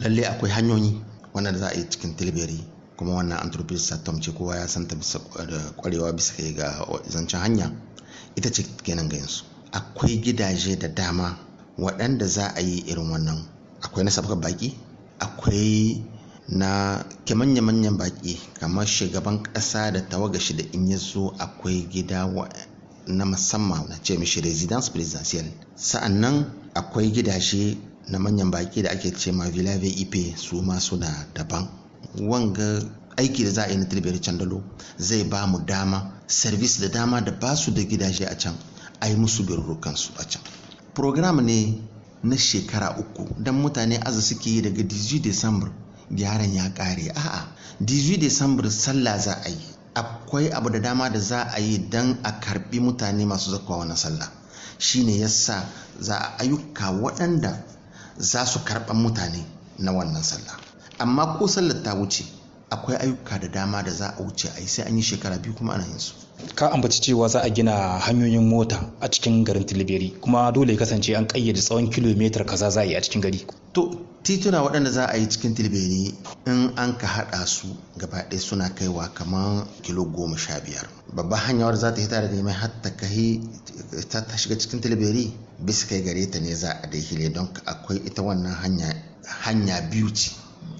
lalle akwai hanyoyi wannan da za a yi cikin tilbiri kuma wannan anthropist satom ce kowa ya santa bisa da kwarewa bisa kai ga zancen hanya ita ce kenan ga yanzu akwai gidaje da dama waɗanda za a yi irin wannan akwai na baki akwai na ke manya-manyan baki kamar shugaban ƙasa da tawagashi da in ya zo akwai gida na musamman na ce mishi residence presidential sa'annan akwai gidaje na manyan baki da ake ce ma vilave ipe su ma suna daban wanga aiki da za a yi na tilbiyar candalo zai ba mu dama servis da dama da ba su da gidaje a can a yi musu birrukansu a can program ne na shekara uku don mutane aza suke yi daga 18 december gyaran ya kare a'a 18 december sallah za a yi akwai abu da dama da za a yi don a karbi mutane masu zakawa na sallah shine yasa za a ayyuka waɗanda za su karɓan mutane na wannan sallah amma ko sallar ta wuce akwai ayyuka da dama da za a wuce a yi sai an yi shekara biyu kuma ana yin su ka ambaci cewa za a gina hanyoyin mota a cikin garin tilibiri kuma dole ya kasance an kayyade tsawon kilomitar kaza za a yi a cikin gari to tituna waɗanda za a yi cikin tilibiri in an ka haɗa su gaba ɗaya suna kaiwa kamar kilo goma sha biyar babban hanyar za ta hita da neman hatta kai, ta shiga cikin tilibiri bisa kai gare ta ne za a da hile don akwai ita wannan hanya biyu ce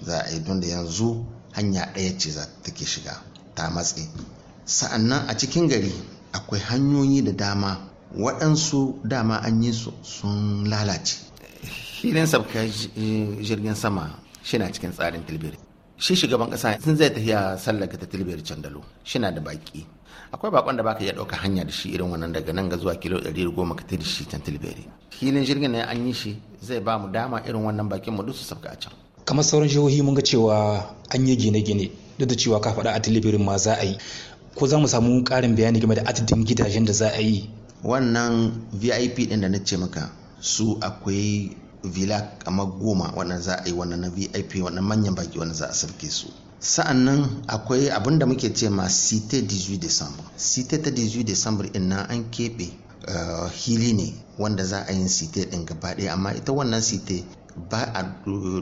za a yi don da yanzu hanya ɗaya ce za ta ke shiga ta matse sa'annan a cikin gari akwai hanyoyi da dama waɗansu dama an yi su sun lalace shirin sabka jirgin sama shi na cikin tsarin tilbiri shi shugaban ƙasa sun zai tafiya sallaka ta tilbiri candalo shi na da baki akwai bakon da baka iya ɗauka hanya da shi irin wannan daga nan ga zuwa kilo ɗari goma ka da shi can tilbiri filin jirgin ne an yi shi zai ba mu dama irin wannan bakin mu duk su sabka a can kamar sauran jihohi mun ga cewa an yi gine-gine duk da cewa ka faɗa a tilibirin ma za a yi ko za mu samu ƙarin bayani game da adadin gidajen da za a yi wannan vip ɗin da na ce maka su akwai villa kamar goma wannan za a yi wannan na vip wannan manyan baki wannan za a sauke su sa'annan akwai abin da muke ce ma cite 18 december cite ta 18 december ɗin nan an keɓe eh, hili ne wanda za a yi site ɗin gaba ɗaya amma ita wannan site ba a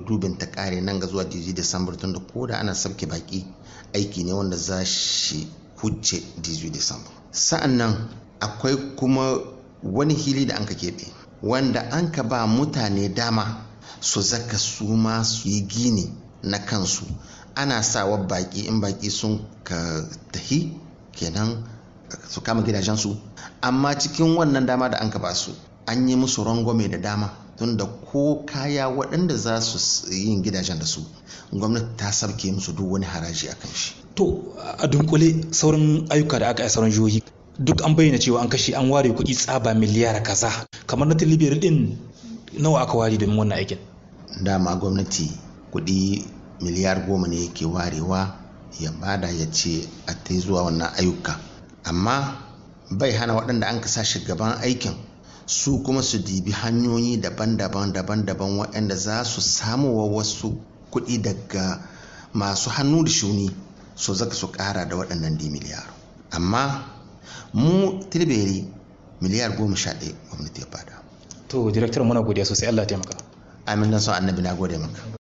dubin ta kare nan ga zuwa jiji tunda tun da koda ana sabke baki aiki ne wanda za shi hujje jiji December. sa'an nan akwai kuma wani hili da anka ka keɓe wanda an ka ba mutane dama su zaka su ma su yi gini na kansu ana sa wa baki in baki sun ka tahi kenan su kama gidajensu amma cikin wannan dama da an ka ba su an yi musu rangwame da dama tunda ko kaya waɗanda za su yin gidajen da su gwamnati ta sabke musu duk wani haraji a kan shi to a dunkule sauran ayyuka da aka yi sauran jihohi duk an bayyana cewa an kashe an ware kuɗi tsaba miliyar kaza kamar na tilibiyar din nawa aka ware domin wannan aikin dama gwamnati kuɗi miliyar goma ne ke warewa ya bada ya ce a ta zuwa wannan ayyuka amma bai hana waɗanda an ka sa gaban aikin su kuma su dibi hanyoyi daban-daban daban-daban waɗanda za su samu wa wasu kuɗi daga masu hannu da shuni su zaka su ƙara da waɗannan di miliyar amma mu tilberi miliyar goma sha ɗaya gwamnati ya fada. to direktar muna godiya sosai allah taimaka amin nan sau annabi na gode maka